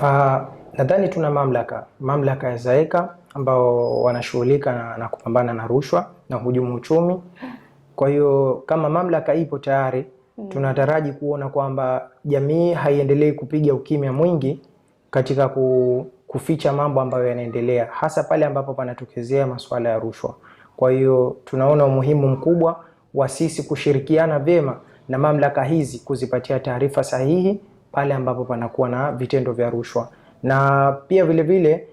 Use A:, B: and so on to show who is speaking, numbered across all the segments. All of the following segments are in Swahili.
A: Uh, nadhani tuna mamlaka mamlaka ya ZAECA ambao wanashughulika na, na kupambana na rushwa na hujumu uchumi. Kwa hiyo kama mamlaka ipo tayari mm. tunataraji kuona kwamba jamii haiendelei kupiga ukimya mwingi katika ku, kuficha mambo ambayo yanaendelea hasa pale ambapo panatokezea masuala ya rushwa. Kwa hiyo tunaona umuhimu mkubwa wa sisi kushirikiana vyema na mamlaka hizi kuzipatia taarifa sahihi pale ambapo panakuwa na vitendo vya rushwa na pia vilevile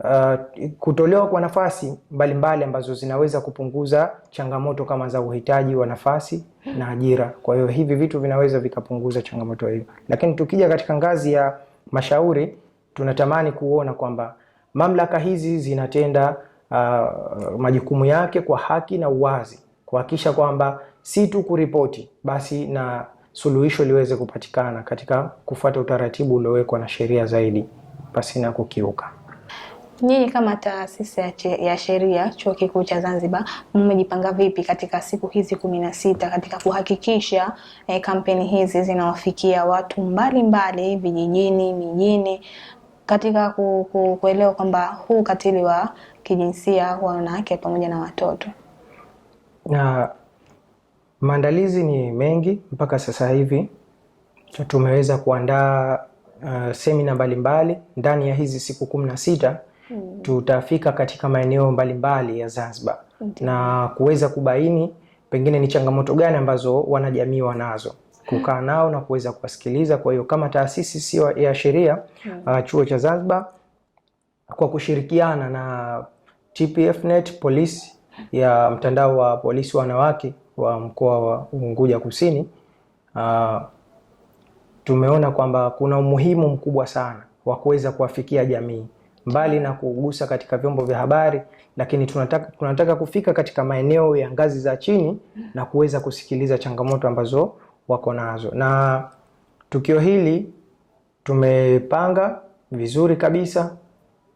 A: vile, uh, kutolewa kwa nafasi mbalimbali mbali ambazo zinaweza kupunguza changamoto kama za uhitaji wa nafasi na ajira. Kwa hiyo hivi vitu vinaweza vikapunguza changamoto hiyo, lakini tukija katika ngazi ya mashauri tunatamani kuona kwamba mamlaka hizi zinatenda uh, majukumu yake kwa haki na uwazi, kuhakikisha kwamba si tu kuripoti basi na suluhisho liweze kupatikana katika kufuata utaratibu uliowekwa na sheria zaidi pasina kukiuka.
B: Nyinyi kama taasisi ya sheria Chuo Kikuu cha Zanzibar, mmejipanga vipi katika siku hizi kumi na sita katika kuhakikisha eh, kampeni hizi zinawafikia watu mbalimbali vijijini, mijini katika ku, ku, kuelewa kwamba huu ukatili wa kijinsia wa wanawake pamoja na watoto
A: na Maandalizi ni mengi mpaka sasa hivi tumeweza kuandaa uh, semina mbalimbali ndani ya hizi siku kumi na sita mm. tutafika katika maeneo mbalimbali ya Zanzibar mm. na kuweza kubaini pengine ni changamoto gani ambazo wanajamii wanazo kukaa nao na kuweza kuwasikiliza. Kwa hiyo kama taasisi sio ya sheria mm. uh, chuo cha Zanzibar kwa kushirikiana na TPFnet polisi ya mtandao wa polisi wanawake wa mkoa wa Unguja Kusini, uh, tumeona kwamba kuna umuhimu mkubwa sana wa kuweza kuwafikia jamii mbali na kugusa katika vyombo vya habari, lakini tunataka, tunataka kufika katika maeneo ya ngazi za chini na kuweza kusikiliza changamoto ambazo wako nazo. Na tukio hili tumepanga vizuri kabisa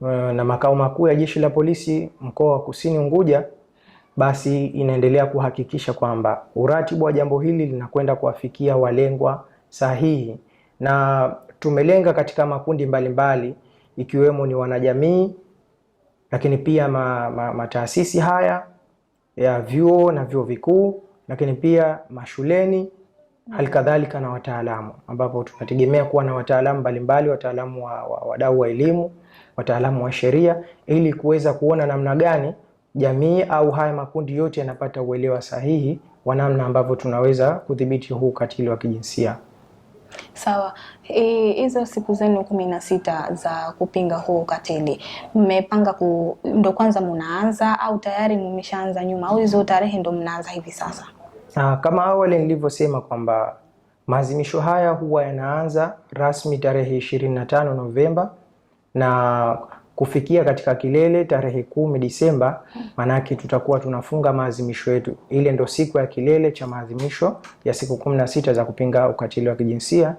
A: eh, na makao makuu ya Jeshi la Polisi mkoa wa Kusini Unguja basi inaendelea kuhakikisha kwamba uratibu wa jambo hili linakwenda kuwafikia walengwa sahihi, na tumelenga katika makundi mbalimbali mbali, ikiwemo ni wanajamii, lakini pia ma, ma, mataasisi haya ya vyuo na vyuo vikuu, lakini pia mashuleni halikadhalika na wataalamu, ambapo tunategemea kuwa na wataalamu mbalimbali, wataalamu wa wadau wa elimu, wataalamu wa sheria, ili kuweza kuona namna gani jamii au haya makundi yote yanapata uelewa sahihi wa namna ambavyo tunaweza kudhibiti huu ukatili wa kijinsia.
B: Sawa. Hizo e, siku zenu kumi na sita za kupinga huu ukatili mmepanga ku, ndo kwanza mnaanza au tayari mmeshaanza nyuma au hizo tarehe ndo mnaanza hivi sasa?
A: Na, ah, kama awali nilivyosema kwamba maazimisho haya huwa yanaanza rasmi tarehe ishirini na tano Novemba na kufikia katika kilele tarehe kumi Disemba, maanake tutakuwa tunafunga maadhimisho yetu. Ile ndo siku ya kilele cha maadhimisho ya siku kumi na sita za kupinga ukatili wa kijinsia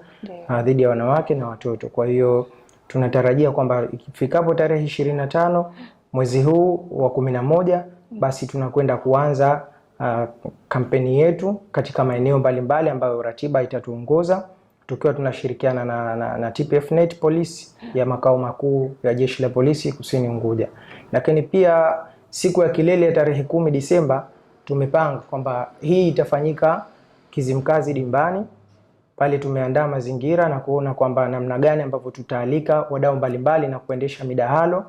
A: ah, dhidi ya wanawake na watoto. Kwa hiyo tunatarajia kwamba ikifikapo tarehe ishirini na tano mwezi huu wa kumi na moja basi tunakwenda kuanza uh, kampeni yetu katika maeneo mbalimbali ambayo ratiba itatuongoza tukiwa tunashirikiana na, na, na Net polisi ya makao makuu ya jeshi la polisi kusini Unguja. Lakini pia siku ya kilele ya tarehe kumi Disemba tumepanga kwamba hii itafanyika Kizimkazi Dimbani. Pale tumeandaa mazingira na kuona kwamba namna gani ambavyo tutaalika wadau mbalimbali na kuendesha midahalo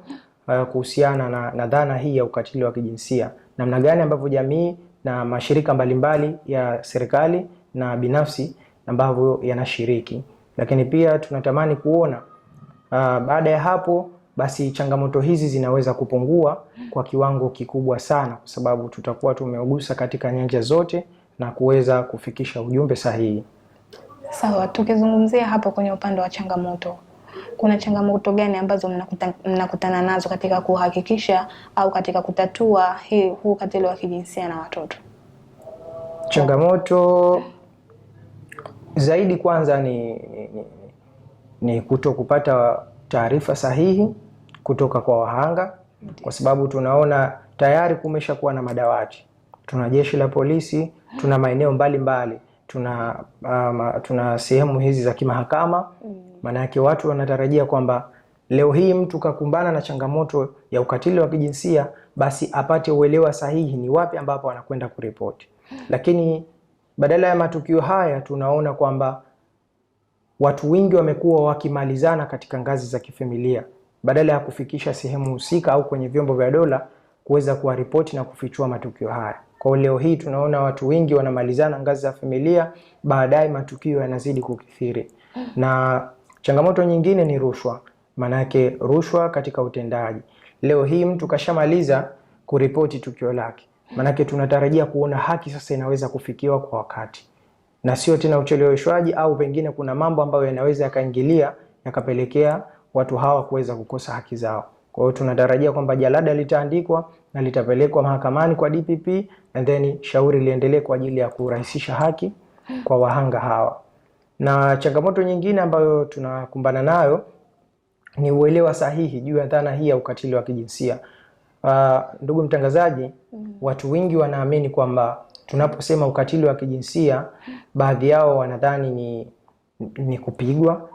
A: uh, kuhusiana na, na dhana hii ya ukatili wa kijinsia, namna gani ambavyo jamii na mashirika mbalimbali mbali ya serikali na binafsi ambavyo yanashiriki, lakini pia tunatamani kuona uh, baada ya hapo basi changamoto hizi zinaweza kupungua kwa kiwango kikubwa sana, kwa sababu tutakuwa tumeugusa katika nyanja zote na kuweza kufikisha ujumbe sahihi.
B: Sawa, tukizungumzia hapo kwenye upande wa changamoto, kuna changamoto gani ambazo mnakuta, mnakutana nazo katika kuhakikisha au katika kutatua hii huu ukatili wa kijinsia na watoto?
A: Changamoto zaidi kwanza ni, ni, ni, ni kuto kupata taarifa sahihi kutoka kwa wahanga Mdip. Kwa sababu tunaona tayari kumesha kuwa na madawati, tuna jeshi la polisi, tuna maeneo mbalimbali, tuna um, tuna sehemu hizi za kimahakama maana yake mm. Watu wanatarajia kwamba leo hii mtu kakumbana na changamoto ya ukatili wa kijinsia basi apate uelewa sahihi ni wapi ambapo anakwenda kuripoti, lakini badala ya matukio haya tunaona kwamba watu wengi wamekuwa wakimalizana katika ngazi za kifamilia badala ya kufikisha sehemu husika au kwenye vyombo vya dola kuweza kuwaripoti na kufichua matukio haya. Kwa leo hii tunaona watu wengi wanamalizana ngazi za familia, baadaye matukio yanazidi kukithiri. Na changamoto nyingine ni rushwa, maanake rushwa katika utendaji. Leo hii mtu kashamaliza kuripoti tukio lake, Maanake tunatarajia kuona haki sasa inaweza kufikiwa kwa wakati na sio tena ucheleweshwaji, au pengine kuna mambo ambayo yanaweza yakaingilia yakapelekea watu hawa kuweza kukosa haki zao. Kwa hiyo tunatarajia kwamba jalada litaandikwa na litapelekwa mahakamani kwa DPP and then shauri liendelee kwa ajili ya kurahisisha haki kwa wahanga hawa. Na changamoto nyingine ambayo tunakumbana nayo ni uelewa sahihi juu ya dhana hii ya ukatili wa kijinsia. Uh, ndugu mtangazaji, mm. watu wengi wanaamini kwamba tunaposema ukatili wa kijinsia baadhi yao wanadhani ni, ni kupigwa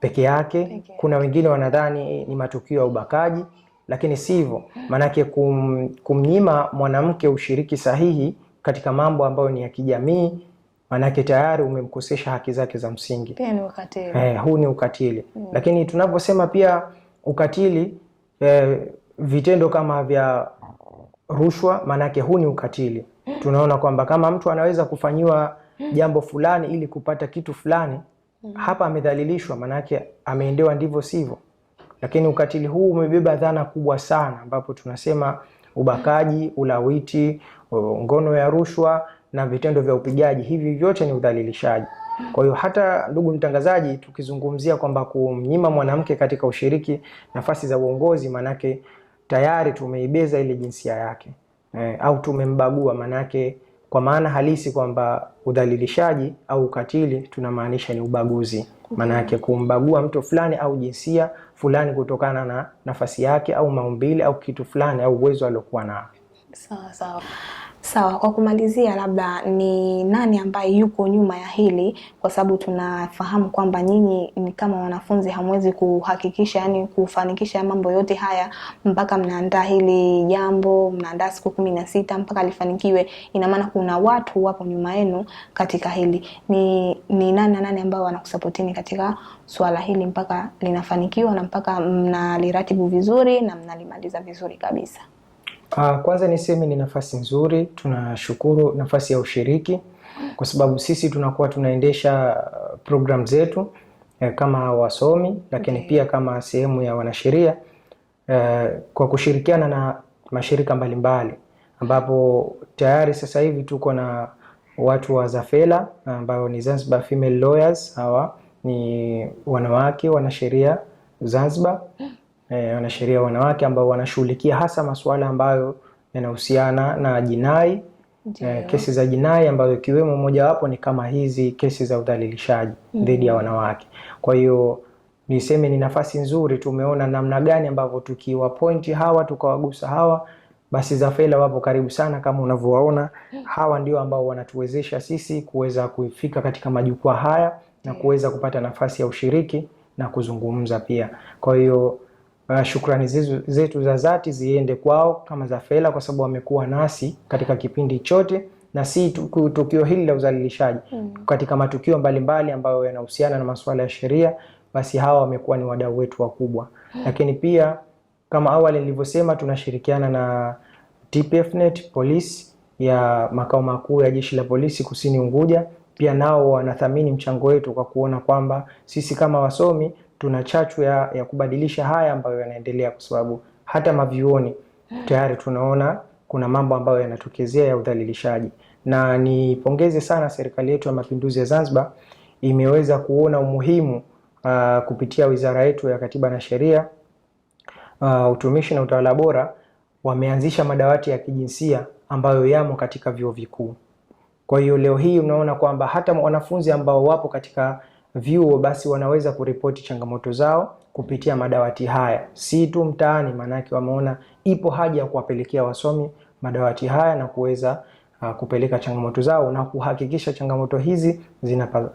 A: peke yake okay. Kuna wengine wanadhani ni matukio ya ubakaji, lakini si hivyo. Maanake kum, kumnyima mwanamke ushiriki sahihi katika mambo ambayo ni ya kijamii, maanake tayari umemkosesha haki zake za msingi.
B: Pia ni ukatili.
A: Eh, huu ni ukatili mm. Lakini tunaposema pia ukatili eh, vitendo kama vya rushwa, maanake huu ni ukatili. Tunaona kwamba kama mtu anaweza kufanyiwa jambo fulani ili kupata kitu fulani, hapa amedhalilishwa, maanake ameendewa ndivyo sivyo. Lakini ukatili huu umebeba dhana kubwa sana, ambapo tunasema ubakaji, ulawiti, ngono ya rushwa na vitendo vya upigaji, hivi vyote ni udhalilishaji. Kwa hiyo hata ndugu mtangazaji, tukizungumzia kwamba kumnyima mwanamke katika ushiriki nafasi za uongozi, maanake tayari tumeibeza ile jinsia yake eh, au tumembagua. Maanake kwa maana halisi kwamba udhalilishaji au ukatili tunamaanisha ni ubaguzi, maanake kumbagua mtu fulani au jinsia fulani kutokana na nafasi yake au maumbile au kitu fulani au uwezo aliokuwa nao.
B: Sawa sawa. Sawa, kwa kumalizia, labda ni nani ambaye yuko nyuma ya hili, kwa sababu tunafahamu kwamba nyinyi ni kama wanafunzi hamwezi kuhakikisha, yani kufanikisha mambo yote haya mpaka mnaandaa hili jambo, mnaandaa siku kumi na sita mpaka lifanikiwe. Ina maana kuna watu wapo nyuma yenu katika hili. Ni ni nani na nani ambao wanakusapotini katika swala hili mpaka linafanikiwa na mpaka mnaliratibu vizuri na mnalimaliza vizuri kabisa?
A: Ah, kwanza niseme ni nafasi nzuri, tunashukuru nafasi ya ushiriki, kwa sababu sisi tunakuwa tunaendesha uh, program zetu eh, kama wasomi, lakini okay, pia kama sehemu ya wanasheria eh, kwa kushirikiana na mashirika mbalimbali, ambapo tayari sasa hivi tuko na watu wa Zafela ambao ni Zanzibar Female Lawyers. Hawa ni wanawake wanasheria Zanzibar hmm eh, wanasheria wanawake ambao wanashughulikia hasa masuala ambayo yanahusiana na jinai eh, kesi za jinai ambazo ikiwemo mojawapo ni kama hizi kesi za udhalilishaji mm-hmm. dhidi mm -hmm. ya wanawake. Kwa hiyo niseme ni nafasi nzuri, tumeona namna gani ambavyo pointi hawa tukawagusa hawa basi Zafela wapo karibu sana kama unavyowaona. Mm-hmm. Hawa ndio ambao wanatuwezesha sisi kuweza kufika katika majukwaa haya na kuweza kupata nafasi ya ushiriki na kuzungumza pia. Kwa hiyo uh, shukrani zetu, zetu za dhati ziende kwao kama za fela, kwa sababu wamekuwa nasi katika kipindi chote na si tukio hili la udhalilishaji mm. katika matukio mbalimbali mbali ambayo yanahusiana na masuala ya sheria, basi hawa wamekuwa ni wadau wetu wakubwa mm. Lakini pia kama awali nilivyosema, tunashirikiana na TPFnet polisi ya makao makuu ya jeshi la polisi kusini Unguja. Pia nao wanathamini mchango wetu kwa kuona kwamba sisi kama wasomi tuna chachu ya, ya kubadilisha haya ambayo yanaendelea, kwa sababu hata mavyuoni tayari tunaona kuna mambo ambayo yanatokezea ya udhalilishaji, na nipongeze sana serikali yetu ya Mapinduzi ya Zanzibar imeweza kuona umuhimu uh, kupitia wizara yetu ya Katiba na Sheria uh, utumishi na utawala bora wameanzisha madawati ya kijinsia ambayo yamo katika vyuo vikuu. Kwa hiyo leo hii unaona kwamba hata wanafunzi ambao wapo katika vyuo, basi wanaweza kuripoti changamoto zao kupitia madawati haya, si tu mtaani. Maanake wameona ipo haja ya kuwapelekea wasomi madawati haya na kuweza uh, kupeleka changamoto zao na kuhakikisha changamoto hizi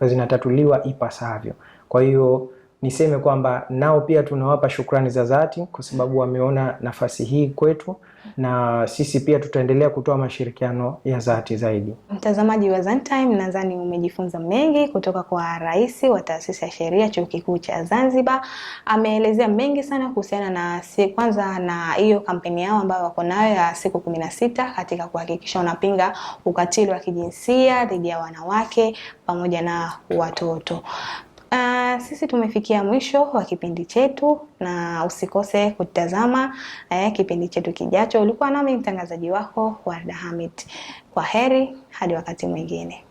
A: zinatatuliwa ipasavyo. Kwa hiyo niseme kwamba nao pia tunawapa shukrani za dhati kwa sababu wameona nafasi hii kwetu, na sisi pia tutaendelea kutoa mashirikiano ya dhati zaidi.
B: Mtazamaji wa Zantime, nadhani umejifunza mengi kutoka kwa Rais wa Taasisi ya Sheria Chuo Kikuu cha Zanzibar. Ameelezea mengi sana kuhusiana na si kwanza na hiyo kampeni yao ambayo wako nayo ya siku kumi na sita katika kuhakikisha wanapinga ukatili wa kijinsia dhidi ya wanawake pamoja na watoto. Uh, sisi tumefikia mwisho wa kipindi chetu na usikose kutazama eh, kipindi chetu kijacho. Ulikuwa nami mtangazaji wako Warda Hamid. Kwa heri hadi wakati mwingine.